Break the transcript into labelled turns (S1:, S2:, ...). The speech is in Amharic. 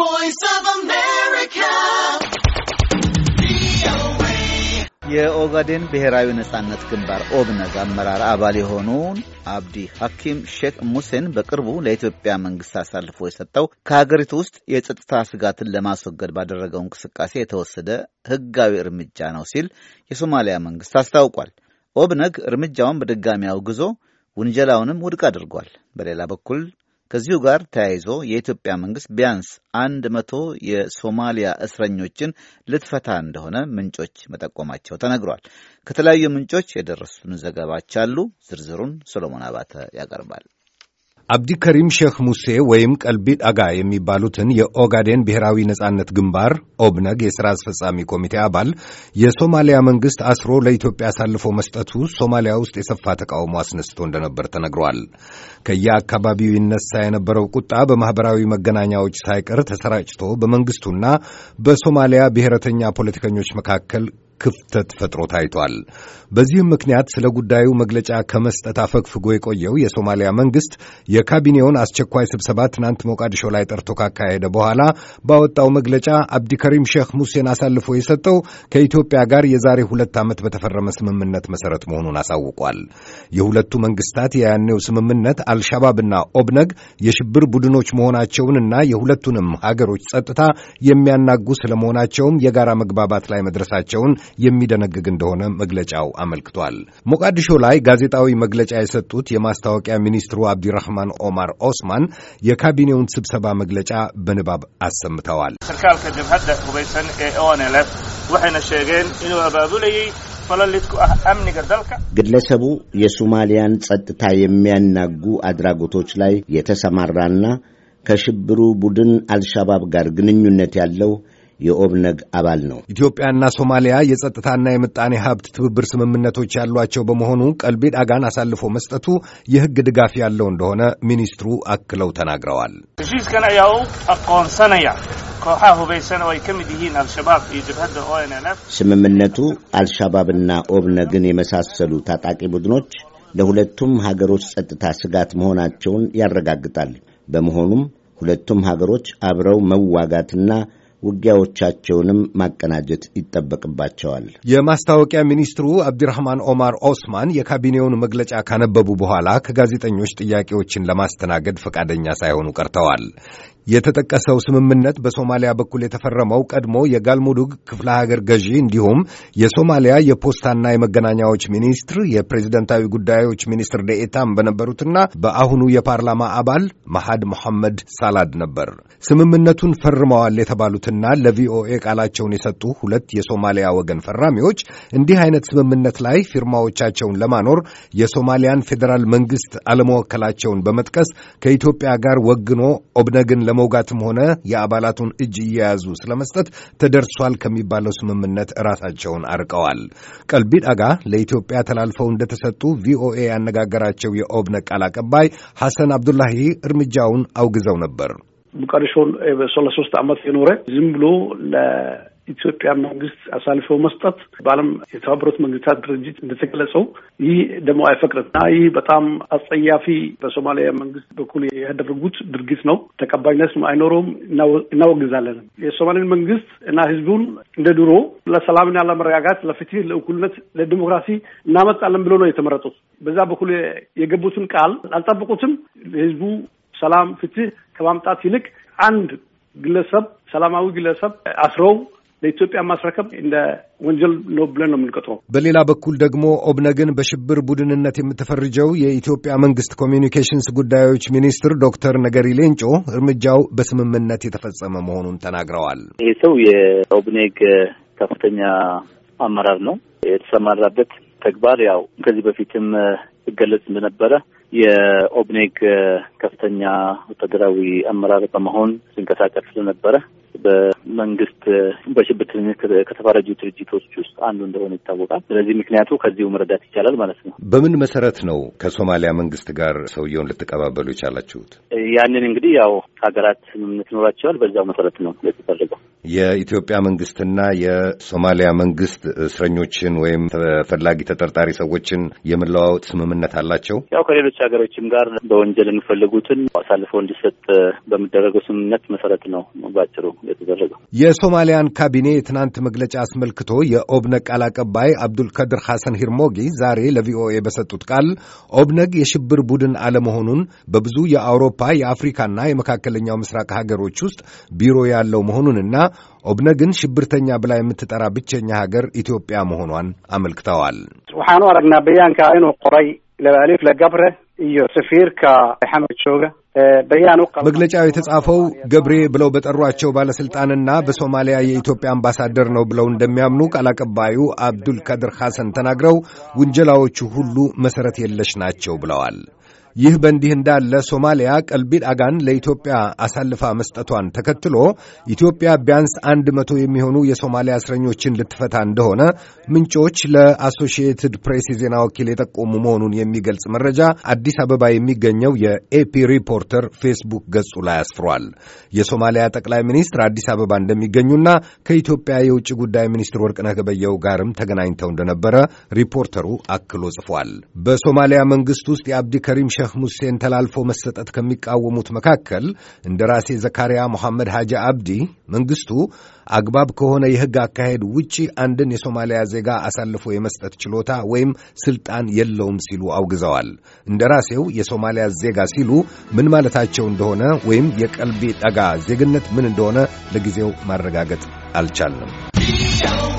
S1: voice of America. የኦጋዴን ብሔራዊ ነጻነት ግንባር ኦብነግ አመራር አባል የሆኑን አብዲ ሐኪም ሼክ ሙሴን በቅርቡ ለኢትዮጵያ መንግስት አሳልፎ የሰጠው ከሀገሪቱ ውስጥ የጸጥታ ስጋትን ለማስወገድ ባደረገው እንቅስቃሴ የተወሰደ ህጋዊ እርምጃ ነው ሲል የሶማሊያ መንግስት አስታውቋል። ኦብነግ እርምጃውን በድጋሚ አውግዞ ውንጀላውንም ውድቅ አድርጓል። በሌላ በኩል ከዚሁ ጋር ተያይዞ የኢትዮጵያ መንግስት ቢያንስ አንድ መቶ የሶማሊያ እስረኞችን ልትፈታ እንደሆነ ምንጮች መጠቆማቸው ተነግሯል። ከተለያዩ ምንጮች የደረሱን ዘገባዎች አሉ። ዝርዝሩን ሶሎሞን አባተ ያቀርባል። ከሪም ሼክ ሙሴ ወይም ቀልቢ ዳጋ የሚባሉትን የኦጋዴን ብሔራዊ ነጻነት ግንባር ኦብነግ የሥራ አስፈጻሚ ኮሚቴ አባል የሶማሊያ መንግሥት አስሮ ለኢትዮጵያ አሳልፎ መስጠቱ ሶማሊያ ውስጥ የሰፋ ተቃውሞ አስነስቶ እንደነበር ተነግሯል። ከየአካባቢው ይነሳ የነበረው ቁጣ በማኅበራዊ መገናኛዎች ሳይቀር ተሰራጭቶ በመንግሥቱና በሶማሊያ ብሔረተኛ ፖለቲከኞች መካከል ክፍተት ፈጥሮ ታይቷል። በዚህም ምክንያት ስለ ጉዳዩ መግለጫ ከመስጠት አፈግፍጎ የቆየው የሶማሊያ መንግስት የካቢኔውን አስቸኳይ ስብሰባ ትናንት ሞቃዲሾ ላይ ጠርቶ ካካሄደ በኋላ ባወጣው መግለጫ አብዲከሪም ሼክ ሙሴን አሳልፎ የሰጠው ከኢትዮጵያ ጋር የዛሬ ሁለት ዓመት በተፈረመ ስምምነት መሰረት መሆኑን አሳውቋል። የሁለቱ መንግስታት የያኔው ስምምነት አልሻባብና ኦብነግ የሽብር ቡድኖች መሆናቸውንና የሁለቱንም ሀገሮች ጸጥታ የሚያናጉ ስለመሆናቸውም የጋራ መግባባት ላይ መድረሳቸውን የሚደነግግ እንደሆነ መግለጫው አመልክቷል። ሞቃዲሾ ላይ ጋዜጣዊ መግለጫ የሰጡት የማስታወቂያ ሚኒስትሩ አብዲራህማን ኦማር ኦስማን የካቢኔውን ስብሰባ መግለጫ በንባብ አሰምተዋል። ግለሰቡ የሶማሊያን ጸጥታ የሚያናጉ አድራጎቶች ላይ የተሰማራና ከሽብሩ ቡድን አልሻባብ ጋር ግንኙነት ያለው የኦብነግ አባል ነው። ኢትዮጵያና ሶማሊያ የጸጥታና የምጣኔ ሀብት ትብብር ስምምነቶች ያሏቸው በመሆኑ ቀልቤ ዳጋን አሳልፎ መስጠቱ የህግ ድጋፍ ያለው እንደሆነ ሚኒስትሩ አክለው ተናግረዋል። ስምምነቱ አልሻባብና ኦብነግን የመሳሰሉ ታጣቂ ቡድኖች ለሁለቱም ሀገሮች ጸጥታ ስጋት መሆናቸውን ያረጋግጣል። በመሆኑም ሁለቱም ሀገሮች አብረው መዋጋትና ውጊያዎቻቸውንም ማቀናጀት ይጠበቅባቸዋል። የማስታወቂያ ሚኒስትሩ አብዲራህማን ኦማር ኦስማን የካቢኔውን መግለጫ ካነበቡ በኋላ ከጋዜጠኞች ጥያቄዎችን ለማስተናገድ ፈቃደኛ ሳይሆኑ ቀርተዋል። የተጠቀሰው ስምምነት በሶማሊያ በኩል የተፈረመው ቀድሞ የጋልሙዱግ ክፍለ ሀገር ገዢ እንዲሁም የሶማሊያ የፖስታና የመገናኛዎች ሚኒስትር የፕሬዝደንታዊ ጉዳዮች ሚኒስትር ደኤታም በነበሩትና በአሁኑ የፓርላማ አባል መሐድ መሐመድ ሳላድ ነበር። ስምምነቱን ፈርመዋል የተባሉትና ለቪኦኤ ቃላቸውን የሰጡ ሁለት የሶማሊያ ወገን ፈራሚዎች እንዲህ አይነት ስምምነት ላይ ፊርማዎቻቸውን ለማኖር የሶማሊያን ፌዴራል መንግስት አለመወከላቸውን በመጥቀስ ከኢትዮጵያ ጋር ወግኖ ኦብነግን ለመውጋትም ሆነ የአባላቱን እጅ እየያዙ ስለመስጠት ተደርሷል ከሚባለው ስምምነት ራሳቸውን አርቀዋል። ቀልቢ ዳጋ ለኢትዮጵያ ተላልፈው እንደተሰጡ ቪኦኤ ያነጋገራቸው የኦብነግ ቃል አቀባይ ሐሰን አብዱላሂ እርምጃውን አውግዘው ነበር። ሙቃዲሾን ሶስት ዓመት የኖረ ዝም ብሎ ኢትዮጵያ መንግስት አሳልፈው መስጠት በዓለም የተባበሩት መንግስታት ድርጅት እንደተገለጸው ይህ ደግሞ አይፈቅድም እና ይህ በጣም አጸያፊ በሶማሊያ መንግስት በኩል ያደረጉት ድርጊት ነው። ተቀባይነት አይኖረውም፣ እናወግዛለን። የሶማሌን መንግስት እና ህዝቡን እንደ ድሮ ለሰላምና ለመረጋጋት፣ ለፍትህ፣ ለእኩልነት፣ ለዲሞክራሲ እናመጣለን ብሎ ነው የተመረጡት። በዛ በኩል የገቡትን ቃል አልጠበቁትም። ህዝቡ ሰላም፣ ፍትህ ከማምጣት ይልቅ አንድ ግለሰብ ሰላማዊ ግለሰብ አስረው ለኢትዮጵያ ማስረከብ እንደ ወንጀል ነው ብለን ነው የምንቆጥረው። በሌላ በኩል ደግሞ ኦብነግን በሽብር ቡድንነት የምትፈርጀው የኢትዮጵያ መንግስት ኮሚኒኬሽንስ ጉዳዮች ሚኒስትር ዶክተር ነገሪ ሌንጮ እርምጃው በስምምነት የተፈጸመ መሆኑን ተናግረዋል። ይህ ሰው የኦብኔግ ከፍተኛ አመራር ነው። የተሰማራበት ተግባር ያው ከዚህ በፊትም ይገለጽ እንደነበረ የኦብኔግ ከፍተኛ ወታደራዊ አመራር በመሆን ሲንቀሳቀስ ስለነበረ በመንግስት በሽብርተኝነት ከተፈረጁ ድርጅቶች ውስጥ አንዱ እንደሆነ ይታወቃል። ስለዚህ ምክንያቱ ከዚሁ መረዳት ይቻላል ማለት ነው። በምን መሰረት ነው ከሶማሊያ መንግስት ጋር ሰውየውን ልትቀባበሉ የቻላችሁት? ያንን እንግዲህ ያው ሀገራት ስምምነት ይኖራቸዋል። በዛው መሰረት ነው የተፈለገው። የኢትዮጵያ መንግስትና የሶማሊያ መንግስት እስረኞችን ወይም ተፈላጊ ተጠርጣሪ ሰዎችን የመለዋወጥ ስምምነት አላቸው። ያው ከሌሎች ሀገሮችም ጋር በወንጀል የሚፈልጉትን አሳልፈው እንዲሰጥ በሚደረገው ስምምነት መሰረት ነው ባጭሩ። የተደረገው። የሶማሊያን ካቢኔ የትናንት መግለጫ አስመልክቶ የኦብነግ ቃል አቀባይ አብዱልከድር ሐሰን ሂርሞጊ ዛሬ ለቪኦኤ በሰጡት ቃል ኦብነግ የሽብር ቡድን አለመሆኑን በብዙ የአውሮፓ የአፍሪካና የመካከለኛው ምስራቅ ሀገሮች ውስጥ ቢሮ ያለው መሆኑንና ኦብነግን ሽብርተኛ ብላ የምትጠራ ብቸኛ ሀገር ኢትዮጵያ መሆኗን አመልክተዋል። waxaanu አረግና bayaanka inuu ቆረይ ለባሊፍ ለገብረ እዮ safiirka xamed ሾጋ መግለጫው የተጻፈው ገብሬ ብለው በጠሯቸው ባለስልጣንና በሶማሊያ የኢትዮጵያ አምባሳደር ነው ብለው እንደሚያምኑ ቃል አቀባዩ አብዱል ካድር ሐሰን ተናግረው ውንጀላዎቹ ሁሉ መሰረት የለሽ ናቸው ብለዋል። ይህ በእንዲህ እንዳለ ሶማሊያ ቀልቢድ አጋን ለኢትዮጵያ አሳልፋ መስጠቷን ተከትሎ ኢትዮጵያ ቢያንስ አንድ መቶ የሚሆኑ የሶማሊያ እስረኞችን ልትፈታ እንደሆነ ምንጮች ለአሶሺየትድ ፕሬስ የዜና ወኪል የጠቆሙ መሆኑን የሚገልጽ መረጃ አዲስ አበባ የሚገኘው የኤፒ ሪፖርተር ፌስቡክ ገጹ ላይ አስፍሯል። የሶማሊያ ጠቅላይ ሚኒስትር አዲስ አበባ እንደሚገኙና ከኢትዮጵያ የውጭ ጉዳይ ሚኒስትር ወርቅነህ ገበየሁ ጋርም ተገናኝተው እንደነበረ ሪፖርተሩ አክሎ ጽፏል። በሶማሊያ መንግስት ውስጥ የአብዲ ከሪም ሼህ ሙሴን ተላልፎ መሰጠት ከሚቃወሙት መካከል እንደራሴ ዘካርያ መሐመድ ሐጂ አብዲ መንግሥቱ አግባብ ከሆነ የሕግ አካሄድ ውጪ አንድን የሶማሊያ ዜጋ አሳልፎ የመስጠት ችሎታ ወይም ስልጣን የለውም ሲሉ አውግዘዋል። ራሴው የሶማሊያ ዜጋ ሲሉ ምን ማለታቸው እንደሆነ ወይም የቀልቤ ጠጋ ዜግነት ምን እንደሆነ ለጊዜው ማረጋገጥ አልቻልንም።